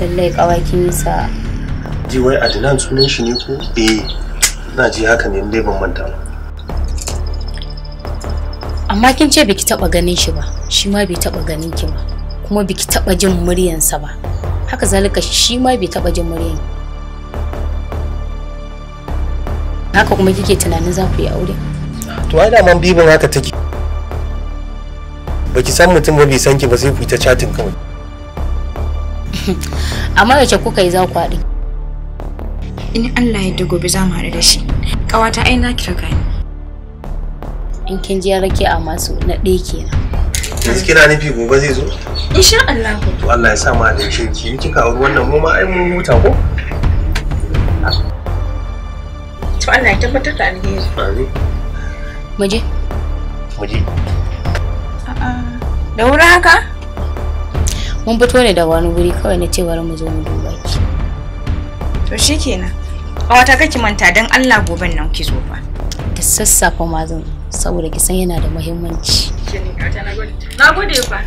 lallai kawakin sa ji wai adnan sunan shi ne ko eh na ji haka ne dai ban manta ba amma kin ce biki taba ganin shi ba shi ma bai taba ganin ki ba kuma biki taba jin muryansa ba haka zalika shi ma bai taba jin muryan haka kuma kike tunanin za ku yi aure to ai da man bibin haka take baki san mutum ba bai san ki ba sai ku ta chatting kawai amma yace kuka yi za ku haɗu in Allah ya gobe za mu haɗu da shi ƙawata ai na kira gani in kin ji rake a masu na ɗaya kenan yanzu kina nufi gobe zai zo insha Allah to Allah ya sa mu haɗu shi ki kika kawo wannan mu ma ai mun huta ko to Allah ya tabbatar da alheri amin muje a'a da wuri haka mun fito ne da wani wuri, kawai na ce bari mu zo mu duba ki to shikenan wata kake manta dan Allah goben nan ki zo fa da sassafa ma zan saboda ki san yana da muhimmanci na gode fa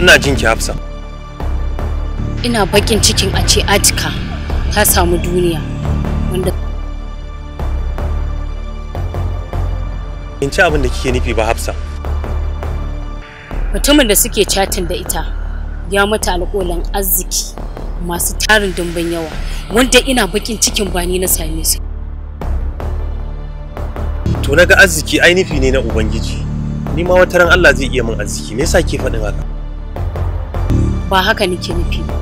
ina jin ki hafsa ina bakin cikin a ce atika ta samu duniya wanda in ci abin da kike nufi ba hafsa mutumin da suke chatin da ita ya mata alƙolan arziki masu tarin dimbin yawa wanda ina bakin cikin bani na same su to naga arziki ai nufi ne na ubangiji ni ma wataran Allah zai iya min arziki me yasa ke faɗin haka ba haka nake nufi ba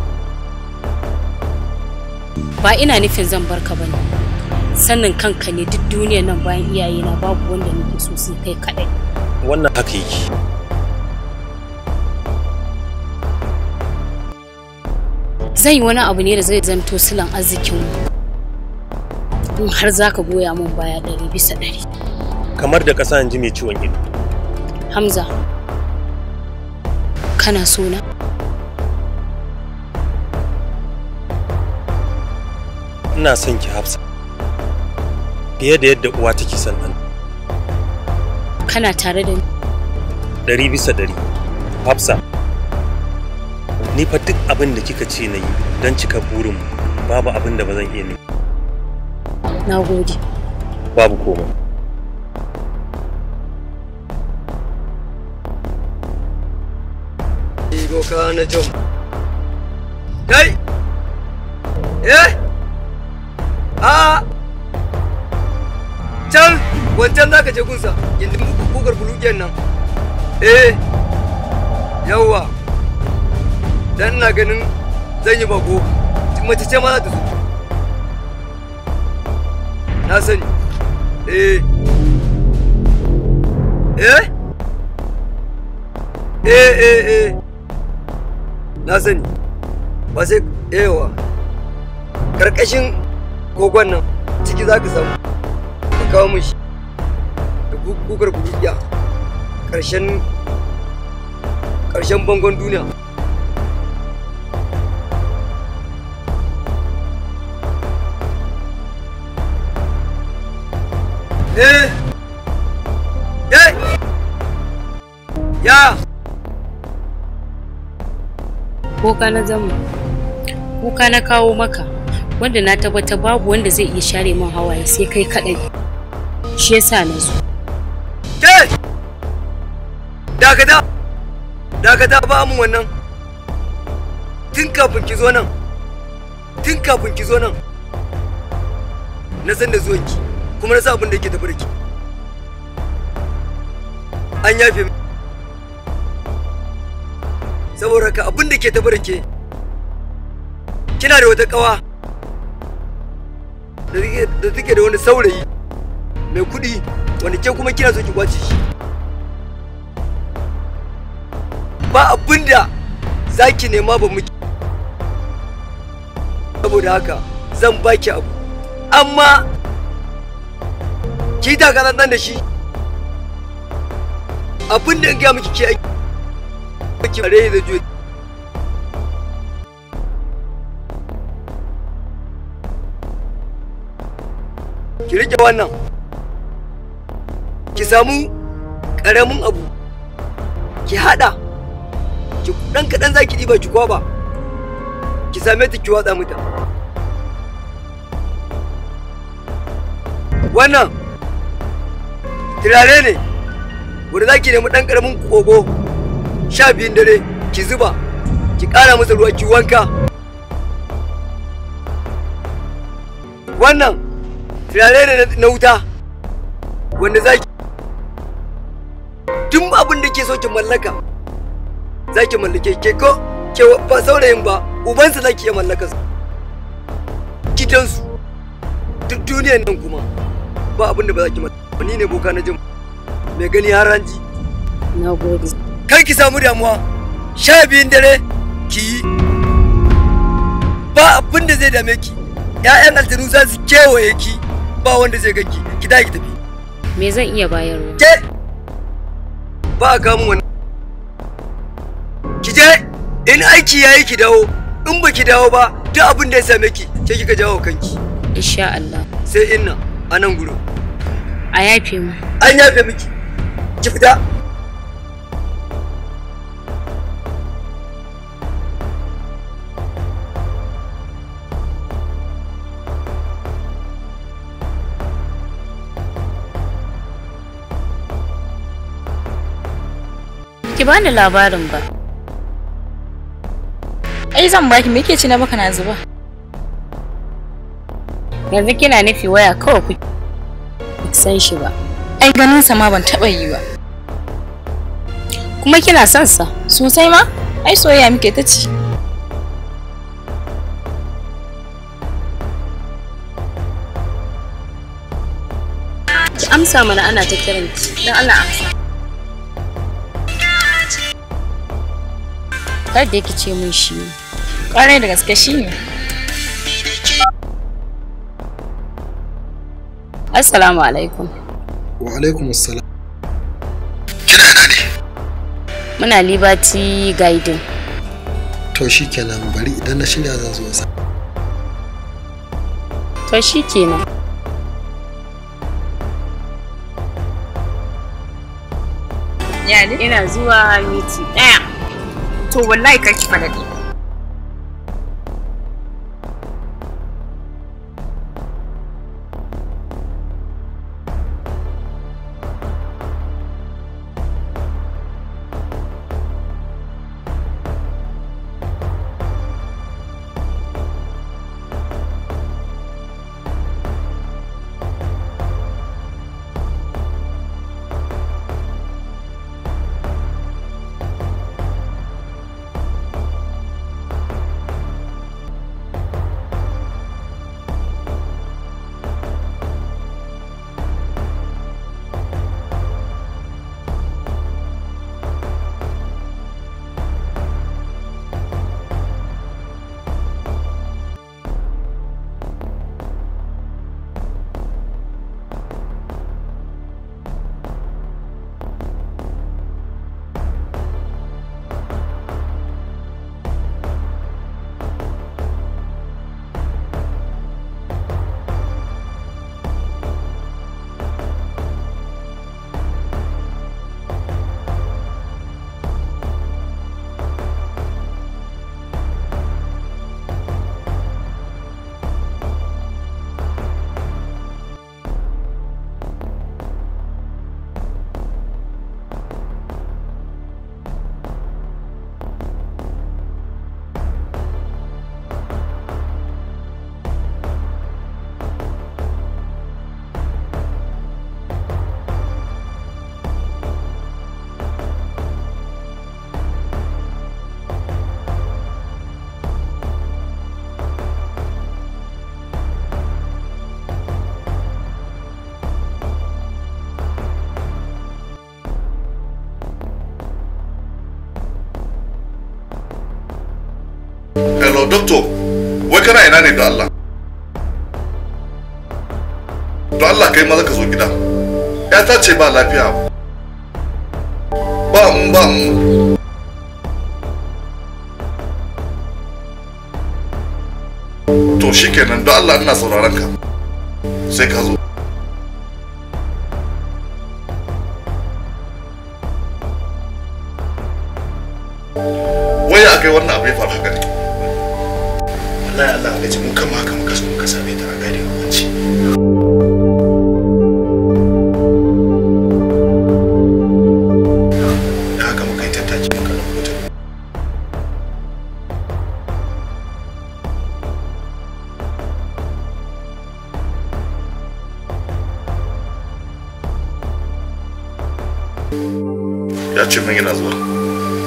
ba ina nufin zan barka ba ne sannin kanka ne duk duniyar nan bayan iyaye na babu wanda nake so sai kai kaɗai wannan haka yake zan yi wani abu ne da zai zanto sulan arzikin in har za ka goya min baya ɗari bisa ɗari kamar da ƙasa ji mai ciwon ido hamza kana so na ina son ki hafsa fiye da yadda uwa take son ɗan kana tare da ni ɗari bisa ɗari hafsa ni fa duk abin da kika ce na yi don cika burinmu babu abin da ba zan iya ne na gode babu koma. kai eh a can wancan ka je gunsa yanzu kugar bulugen nan eh yawa dan na ganin zan yi bako mace ce ma za ta zo na sani eh eh eh eh eh na sani ba sai karkashin gogon nan ciki za ka samu ka kawo min shi da kukar kujiya ƙarshen ƙarshen bangon duniya Eh! Eh! Ya! Kuka na zama, kuka na kawo maka. wanda na tabbata babu wanda zai iya share min hawaye sai kai kaɗai shi yasa na zo ke dakata dakata ba mu wannan tun kafin ki zo nan tun kafin ki zo nan na san da zuwanki kuma na sa abin da yake tafi da ki an yafe mu saboda ka abin da ke tafi da ke kina da wata kawa da take da wani saurayi mai kuɗi wani ke kuma kina so ki kwace shi ba abinda za ki nema ba muke saboda haka zan baki abu amma ki daga nan da shi abinda in gaya miki ke aiki ba ki da juya ki rike wannan ki samu ƙaramin abu ki haɗa ki dan kaɗan za ki ɗiba ki kwaba ki same ta ki watsa mata wannan turare ne wanda za ki nemi ɗan ƙaramin kogo sha biyun dare ki zuba ki ƙara masa ruwa ki wanka wannan turare ne na wuta wanda za ki duk abin da ke so ki mallaka za ki mallake ke ko ke ba saurayin ba ubansa za ki iya mallaka su gidansu duk duniyan nan kuma ba abin da ba za ki mallaka ni ne boka na jin mai gani har ranji na gode kar ki samu damuwa sha biyun dare ki yi ba abin da zai dame ki 'ya'yan aljanu za su kewaye ki ba wanda zai ganki ki dage tafi me zan iya bayarwa ke ba ga mun wannan ki je in aiki yayi ki dawo in ki dawo ba duk abin da ya same ki ke kika jawo kanki insha Allah sai inna a nan a yafe mu an yafe miki ki fita ki bani labarin ba ai zan baki me yake ci na baka na zuba yanzu kina nufi waya kawai ku san shi ba ai ganin sa ma ban taba yi ba kuma kina son sa sosai ma ai soyayya muke ta ci ki amsa mana ana ta kiranki don Allah amsa kar da yake ce mun shi ne kwarai da gaske shi ne assalamu alaikum wa alaikum assalam kina na ne muna liberty guiding to shi kenan bari idan na shirya zan zo sa to shi kenan Yani ina zuwa miti ɗaya. to wallahi kar ki faɗaɗi doctor wai kana ina ne da Allah don Allah kai maza ka zo gida ya ta ce ba lafiya ba mu ba mu to shikenan da Allah ina sauraron ka sai ka zo Ya çöpme gel az well.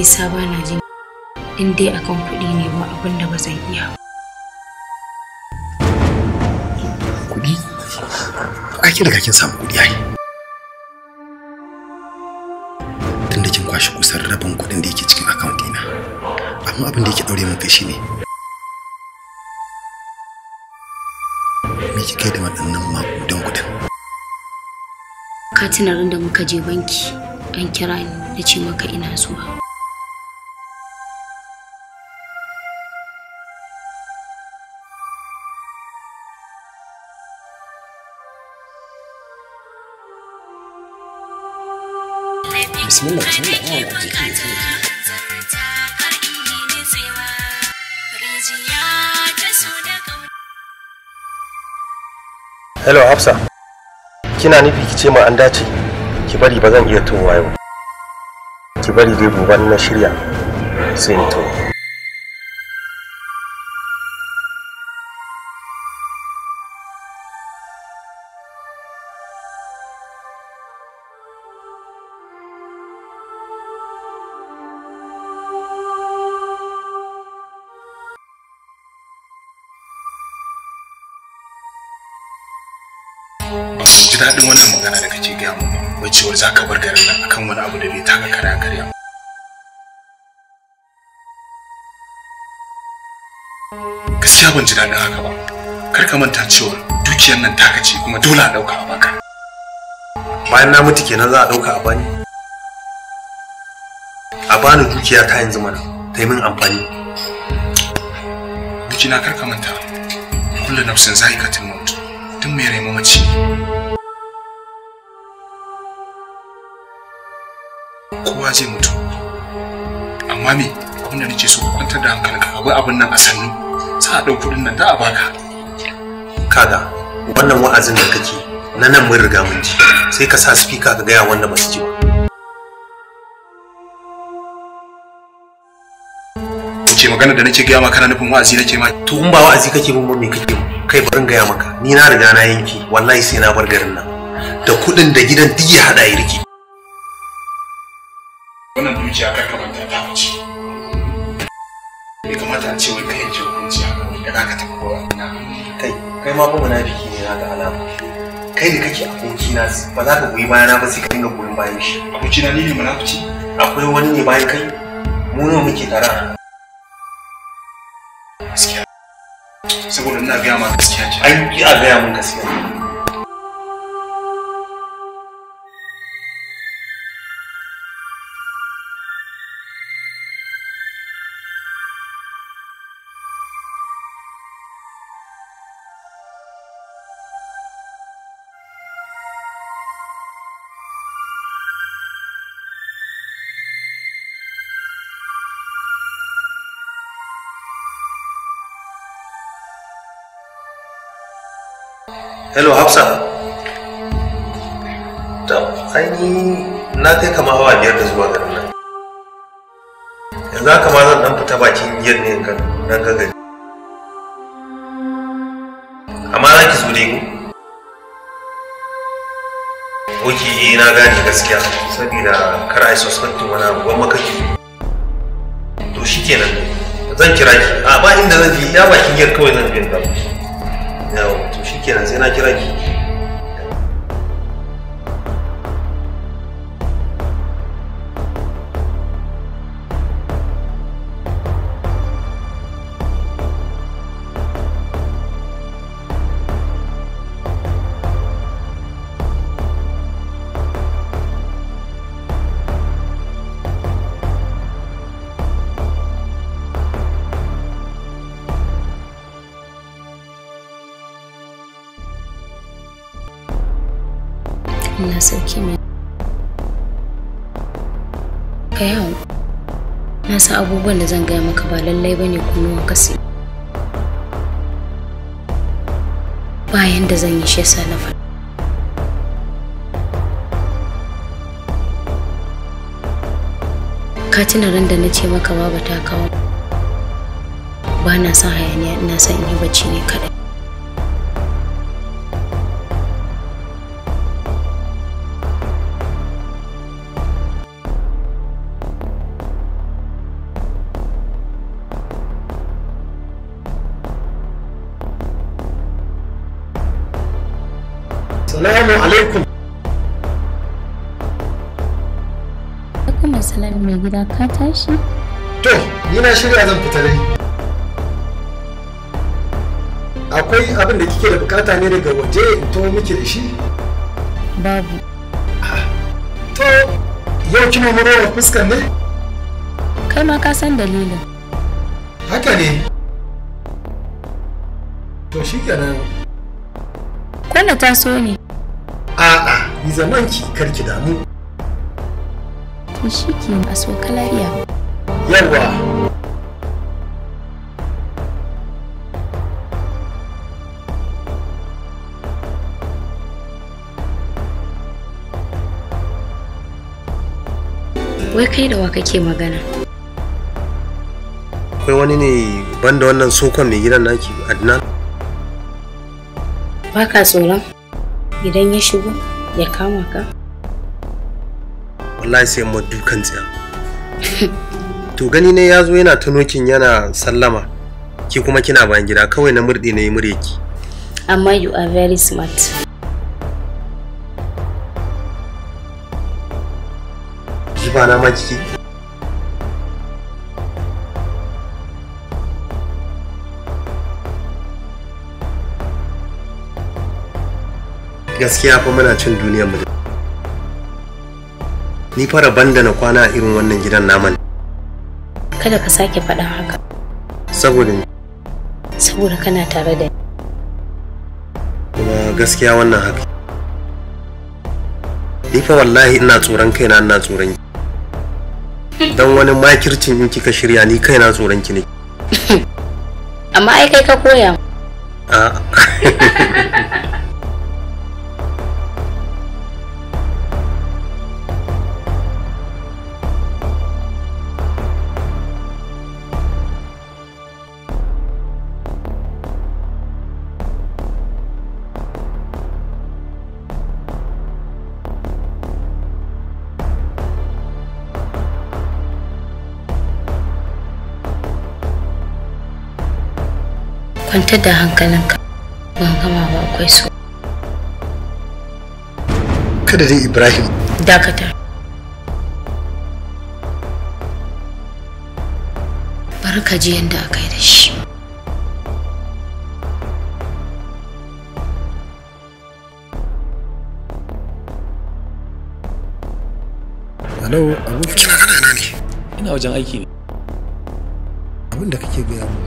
nisa ba na jin in dai akan kuɗi ne ba abin da ba zan iya kuɗi ke daga kin samu kuɗi ai tun da kin kwashi kusan rabin kuɗin da yake cikin account dina amma abin da yake ɗaure min kashi ne me kai da waɗannan maƙudan kuɗin ka tunarin da muka je banki an kira ni na ce maka ina zuwa bismillah bismillah ya wani jiki ya jiki. Hello Hafsa kina nufi ki ce ma an dace ki bari ba zan iya towa yau ki bari dai gobe na shirya sai in towa daɗin haka ba kar ka manta cewa dukiyar nan taka ce kuma dole a ɗauka a baka bayan na mutu kenan za a ɗauka a bani a bani dukiya ta yanzu mana ta yi min amfani na kar ka manta kullum nafsin za'iqatul mutu, tun mai rai mamaci kowa zai mutu amma me abinda nake so ku kwantar da hankalinka ka bi abin nan a sannu za a ɗau nan da a baka kaga wannan wa'azin da kake na nan mun riga mun ji sai ka sa speaker ka gaya wanda ba su ji ba ce magana da nake gaya maka na nufin wa'azi nake ma to in ba wa'azi kake mun ba me kake kai barin gaya maka ni na riga na yanki wallahi sai na bar garin nan da kuɗin da gidan duk ya haɗa ya rike wannan dukiya kai kamar ta ta ce bai kamata a ce wai kai za ka tafi ko kai kai ma fa munafiki ne na ga alama kai da kake aboki na ba za ka goyi bayana ba sai ka dinga goyon bayan shi aboki na ni munafici akwai wani ne bayan kai mu nawa muke tara gaskiya saboda ina gaya ma gaskiya ce ai a gaya mun gaskiya hello hafsa Ta aini na kai kama awa biyar da zuwa garin nan yanzu haka ma zan dan fita bakin yin ne kan nan ga gari amma za ki zo dai ku oki eh, na gane gaskiya saboda kar a yi suspectin wani abu ba makaki to shi kenan zan kira ki a ba inda zan je ya bakin yin kawai zan biyan ta yawo shikenan sai na kira ki na sauki mai ka na san abubuwan da zan gaya maka ba lallai bane ka kasi bayan da zan yi shi yasa na faɗa ka tuna ran da na ce maka baba ta kawo ba na son hayaniya ina son in yi bacci ne kaɗai alaikum. Kuma salam mai gida ka tashi? To, yana shirya zan fita dai. Akwai abin da kike da bukata ne daga waje in to miki da shi? Babu. To, yau kina murowa fuskar ne? Kai ma ka san dalilin. Haka ne. To shi kenan. Kwanda taso ne. yi zaman ki kar ki damu to shi ke a soka lariya. yawa wai kai da wa kake magana akwai wani ne banda wannan sokon mai gidan naki adnan ba ka tsoron idan ya shigo ya kama ka wallahi sai mu dukan tsaya. to gani ne yazo yana tunokin yana sallama ki kuma kina bayan gida kawai na murɗe na yi ki. amma you are very smart ba na ma jiki gaskiya fa muna cin duniyar mu ni fara banda na kwana irin wannan gidan naman kada ka sake faɗa haka saboda ni saboda kana tare da ni kuma gaskiya wannan haka ni fa wallahi ina tsoron kaina ina tsoron ki dan wani makircin in kika shirya ni kaina tsoron ki ne amma ai kai ka koya A'a. kwantar da hankalinka ban gama ba akwai so kada dai ibrahim dakata bari ka ji yadda aka yi da shi Hello, abokin. Kina kana ina ne? Ina wajen aiki ne. Abin da kake gaya mu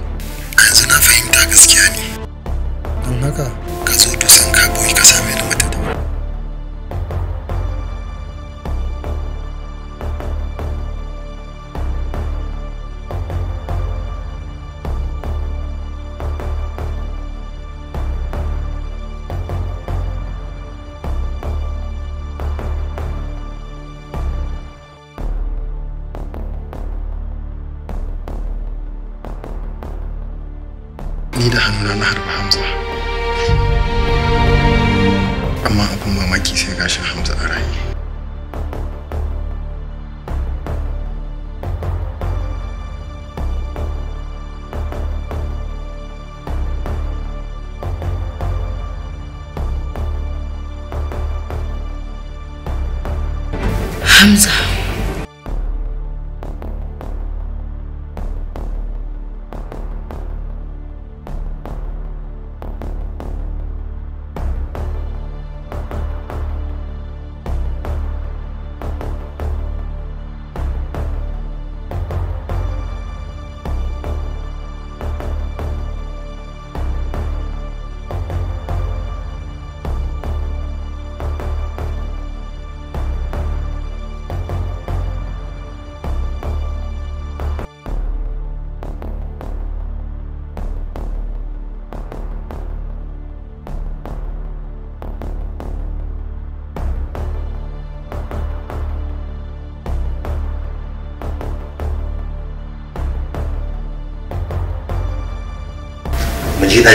maka ka zo dusan ka boye ka same ni mata da ni da hannuna na harba hamza amma abin mamaki sai gashin hamza a raye Hamza. je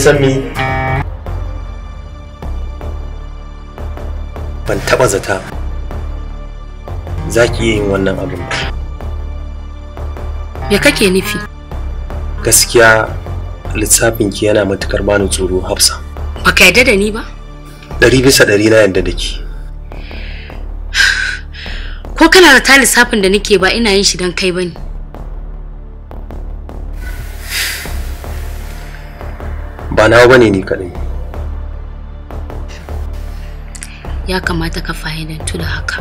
san me ban taba zata za ki yin wannan abin ba ya kake nufi gaskiya lissafinki yana matukar bani tsoro hafsa baka yarda da ni ba ɗari bisa na yarda da ke. ko kana da ta lissafin da nake ba ina yin shi don kai bane ba nawa bane ni kadai ya kamata ka fahimantu da haka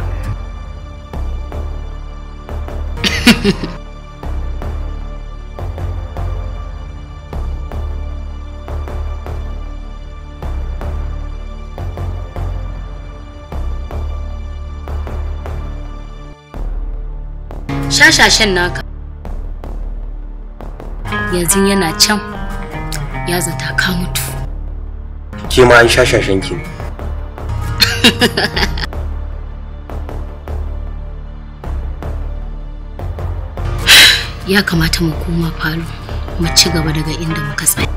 shashashen naka yanzu yana can ya zata ka mutu ke ma an shashashen ki ya kamata mu koma falo mu ci gaba daga inda muka tsaya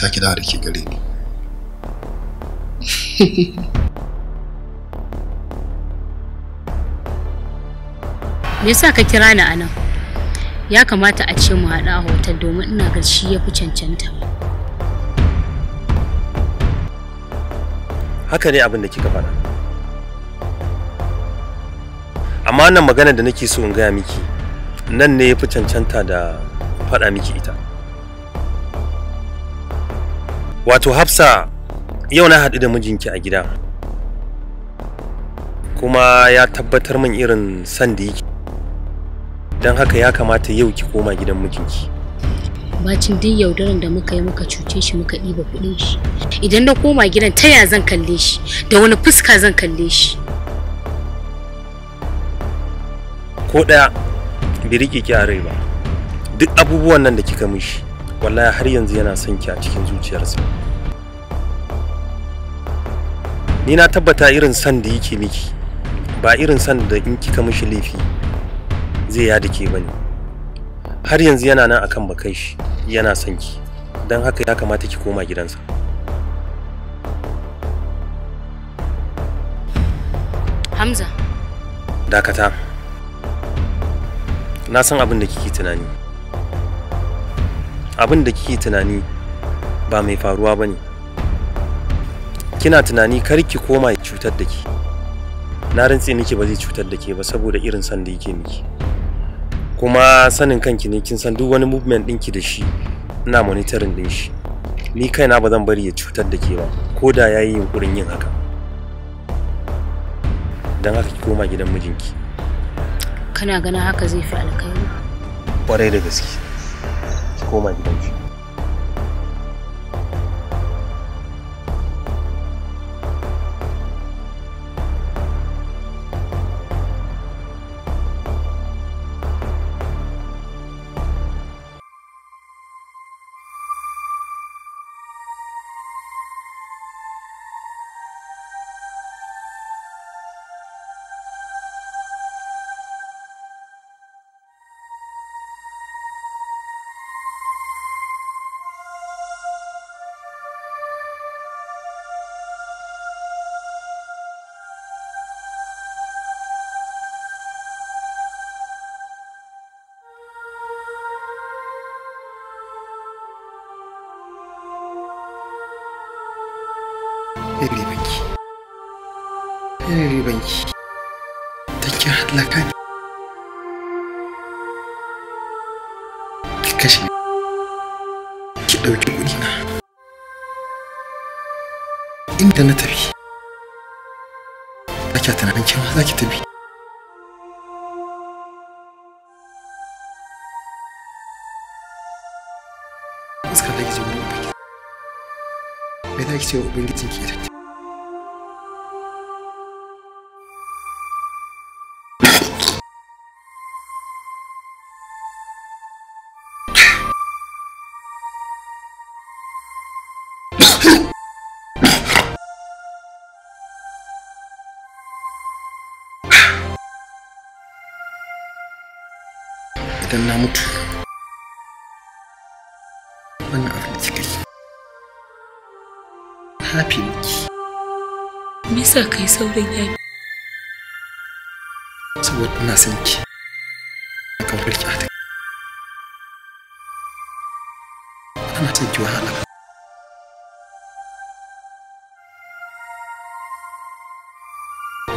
sake dawo da ke gare ni me yasa ka kira ni anan ya kamata a ce mu haɗu a hotel domin ina ga shi ya fi cancanta haka ne abin da kika faɗa amma wannan magana da nake so in gaya miki nan ne ya fi cancanta da faɗa miki ita Wato Hafsa yau na haɗu da mijinki a gida. Kuma ya tabbatar min irin san da yake. Don haka ya kamata yau ki koma gidan mijinki. Bacin duk yaudaran da muka yi muka cuce shi muka ɗiba kuɗin shi. Idan na koma gidan ta ya zan kalle shi, da wani fuska zan kalle shi. Ko ɗaya, bi riƙe ki a rai ba. Duk abubuwan nan da kika mishi. wallahi har yanzu yana son ki a cikin zuciyarsa ni na tabbata irin san da yake miki ba irin san da in kika mishi laifi zai yada ke bane har yanzu yana nan akan bakai shi yana son ki don haka ya kamata ki koma gidansa Hamza dakata na san abin da kike tunani abin da kike tunani ba mai faruwa ba ne kina tunani kar ki koma cutar da ke na rintse nake ba zai cutar da ke ba saboda irin san da yake miki kuma sanin kanki ne kin san duk wani movement ki da shi ina monitoring ɗin shi ni kaina ba zan bari ya cutar da ke ba ko da ya yi yunkurin yin haka don haka ki koma gidan mijinki kana ganin haka zai fi alkhairi kwarai da gaske uma Grande. irin banki irin ribanki take hatlaka ne ki kashe ki ɗauki kuɗi na inda na tafi kya tunanin za ki tafi fuskar gizo wani za ki ce wa ubangijin yasa kai saurin yafi saboda ina son ki a kaunar ki a ta ana son ki wahala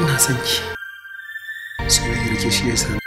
ina son ki soyayyar rike shi ya yasa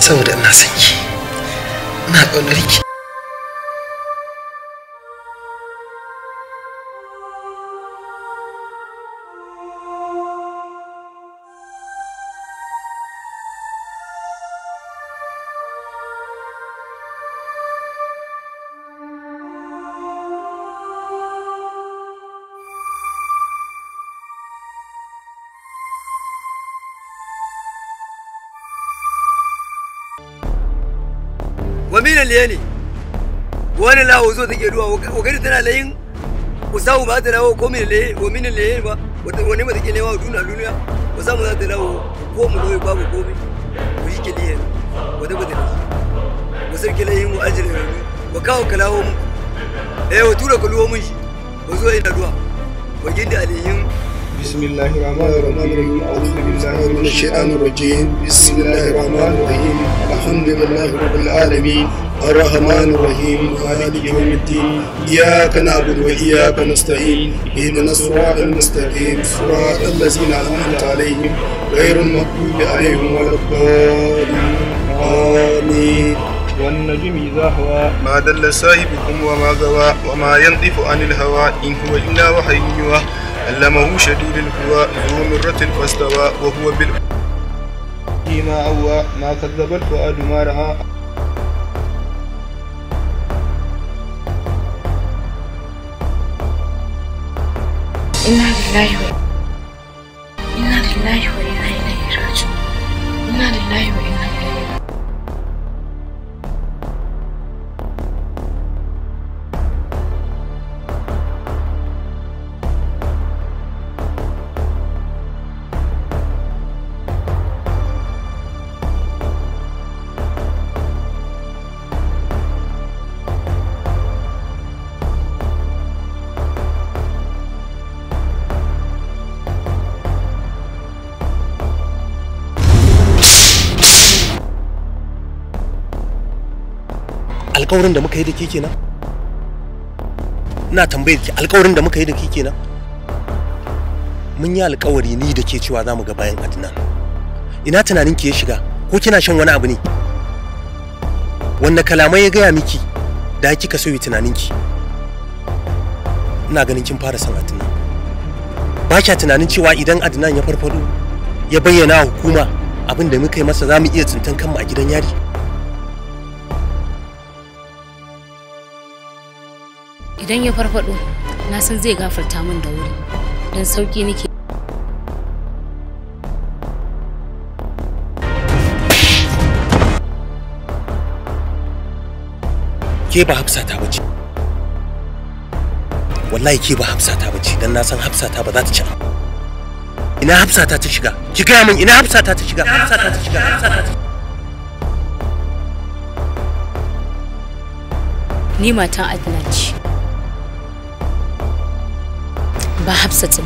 saboda ina san ki ina ƙaunar ki lalle ne wani lawo zo take duwa gari tana layin usamu ba ta lawo ko min laye ko min laye ba wata wani ba take newa duniya duniya usamu za ta lawo ko mu lawo babu komai ko yi ke liyan wata ba ta ba sai ke layin mu ajiyar yanzu ba kawo ka lawo mu eh wa tura ka luwo mun shi ku zo ina duwa wa gindi alihin بسم الله الرحمن الرحيم أعوذ بالله من الشيطان الرجيم بسم الله الرحمن الرحيم الحمد لله رب العالمين الرحمن الرحيم مالك يوم الدين إياك نعبد وإياك نستعين اهدنا الصراط المستقيم صراط الذين أنعمت عليهم غير المغضوب عليهم ولا الضالين آمين والنجم إذا هوى ما دل صاحبكم وما غوى وما ينطف عن الهوى إن هو إلا وحي يوحى علمه شديد القوى ذو مرة فاستوى وهو بال ما أوى ما كذب الفؤاد ما رأى inna lillahi wa inna lillahi wa alƙawarin da muka yi da ke kenan ina tambayar ki alƙawarin da muka yi da ke kenan mun yi alƙawari ni da ke cewa za mu ga bayan Adnan ina tunanin ki ya shiga ko kina shan wani abu ne wanda kalamai ya gaya miki da kika so tunanin ki, ina ganin kin fara son Adnan ba kya tunanin cewa idan Adnan ya farfado ya bayyana hukuma abin da muka yi masa za mu iya tsintan kanmu a gidan yari idan ya farfado na san zai gafarta min da wuri don sauki nake ke ba hafsa ta bace wallahi ke ba hafsa ta bace dan na san hafsa ta ba za ta ci ina hafsa ta ta shiga ki gaya min ina hafsa ta ta shiga hafsa ta ta shiga hafsata ta ni matan adnan ce ba hafsatin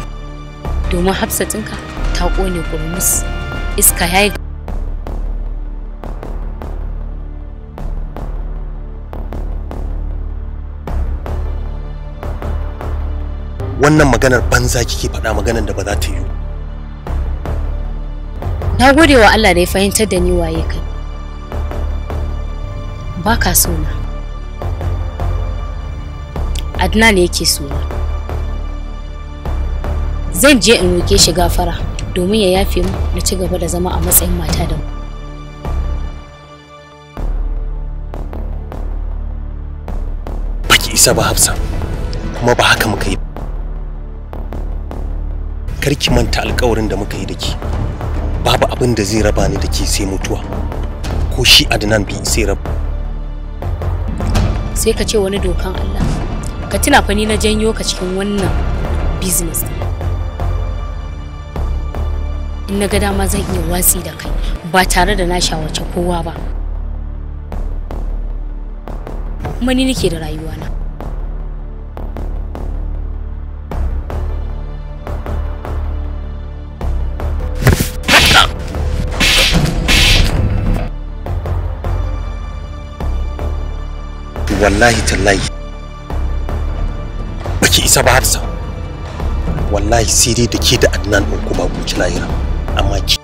domin hafsatinka ta kone kurmus iska ya yi wannan maganar banza kike faɗa maganar da ba za ta yi. na gode wa Allah da ya fahimtar da ni waye kai ba ka sona ne yake sona zan je in roke shi gafara domin ya yafe mu na ci gaba da zama a matsayin mata da mu baki isa ba hafsa kuma ba haka muka yi karki manta alkawarin da muka yi da ke babu abin da zai raba ni da ke sai mutuwa ko shi adnan bi sai rabu sai ka ce wani dokan allah ka tuna fa ni na janyo ka cikin wannan business in na ga dama zan iya watsi da kai ba tare da na shawarce kowa ba kuma ni nake da rayuwana wallahi tallahi baki isa ba harsa wallahi sai dai da ke da adnan ba kuma ci lahira i a like.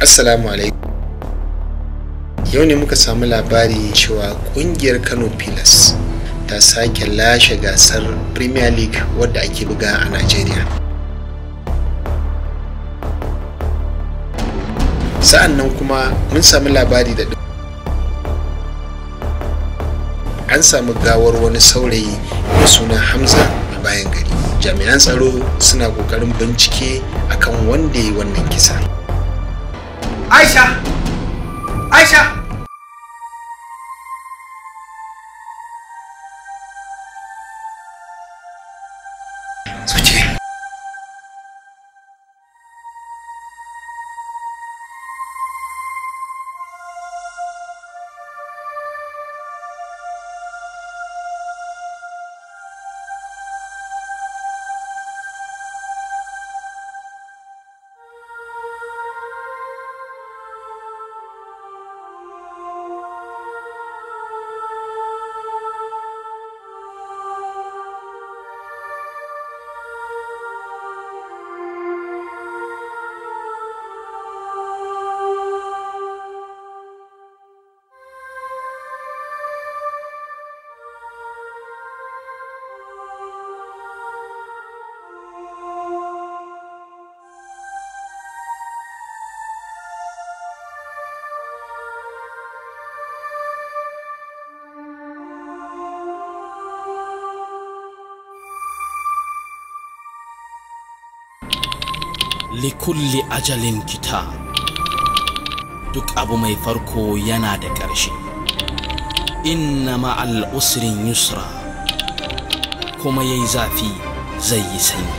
assalamu alaikum yau ne muka samu labari cewa kungiyar kano pilas ta sake lashe gasar premier league wadda ake buga a Najeriya. sa'an nan kuma mun sami labari da an samu gawar wani saurayi da suna hamza a bayan gari jami'an tsaro suna ƙoƙarin bincike akan wanda ya yi wannan kisa 挨下，挨下。likulli ajalin kita duk abu mai farko yana da ƙarshe inna ma'al usrin yusra kuma yayi zafi zai yi sanyi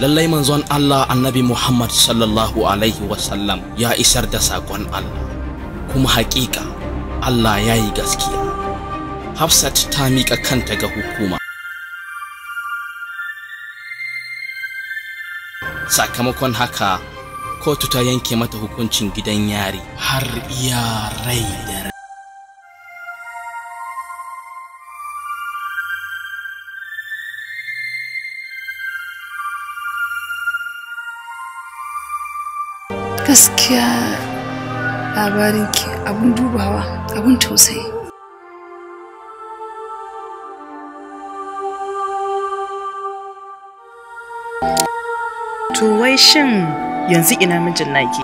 lallai manzon Allah annabi Muhammad sallallahu alaihi wasallam ya isar da saƙon Allah kuma haƙiƙa Allah ya yi gaskiya Hafsat ta miƙa kanta ga hukuma sakamakon haka kotu ta yanke mata hukuncin gidan yari har iya rai da gaskiya labarinki abin dubawa abin tausayi to wai shin yanzu ina mijin naki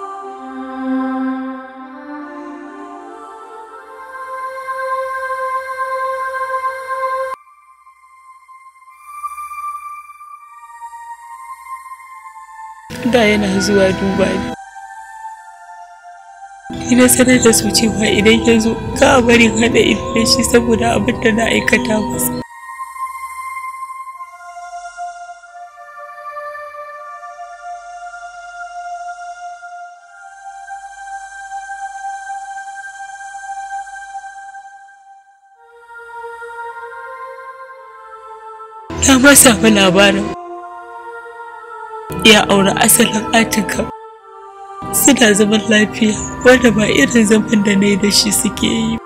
da yana zuwa duba ni ina sanar da su cewa idan ya zo ka bari hada ido shi saboda abin da na aikata masa kuma samu labarin ya aure asalin atika suna zaman lafiya wanda ba irin zaman da na yi da shi suke yi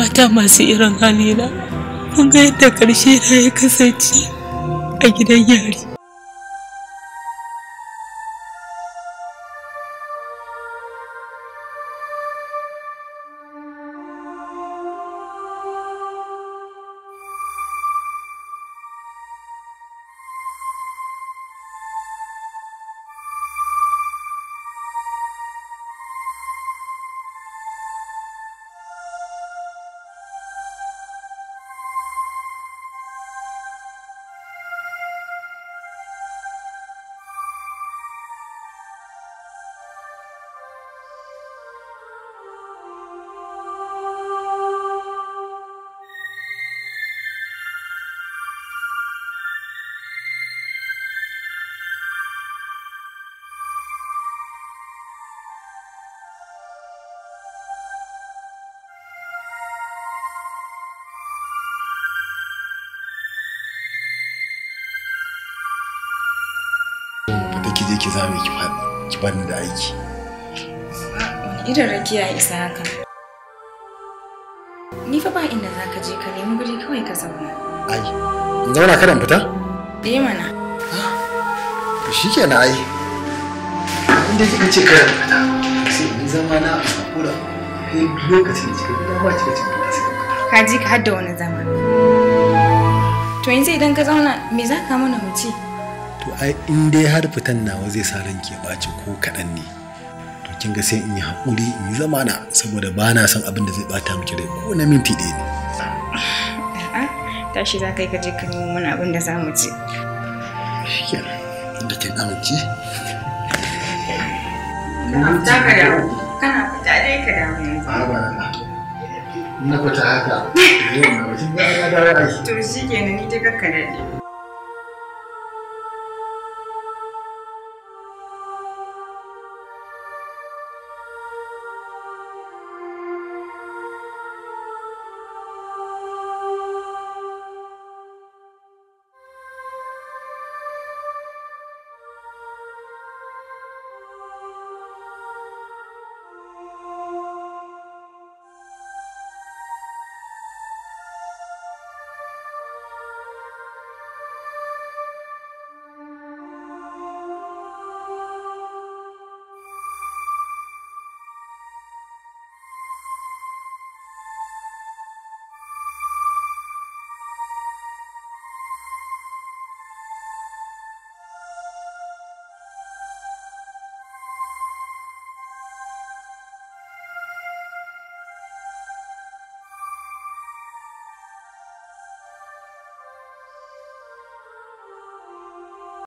mata masu irin halina mun ga yadda ƙarshe na ya kasance a gidan yari ki je ki zame ki fadi ki bani da aiki idan rakiya isa haka ni fa ba inda za ka je ka nemi guri kawai ka zauna ai in zauna kada in fita eh mana to shikenan ai inda kika ce kada in fita sai in zama na a kura sai lokacin da kika ga ba kika cin fita sai ka ji ka hadda wani zama to yanzu idan ka zauna me za ka mana mu ci to ai in dai har fitan nawa zai sa ranke ɓaci ko kaɗan ne to kin ga sai in yi haƙuri in yi zamana saboda ba na san abin da zai ɓata miki rai ko na minti ɗaya ne. tashi za kai ka je ka nemo mana abin da za mu ci. shikenan da kin amince. Kana fita ka dawo, kana fita dai ka dawo yanzu. Ba ba na. Na fita haka, yau na wajen ba na To shi ni ta kakka daɗe.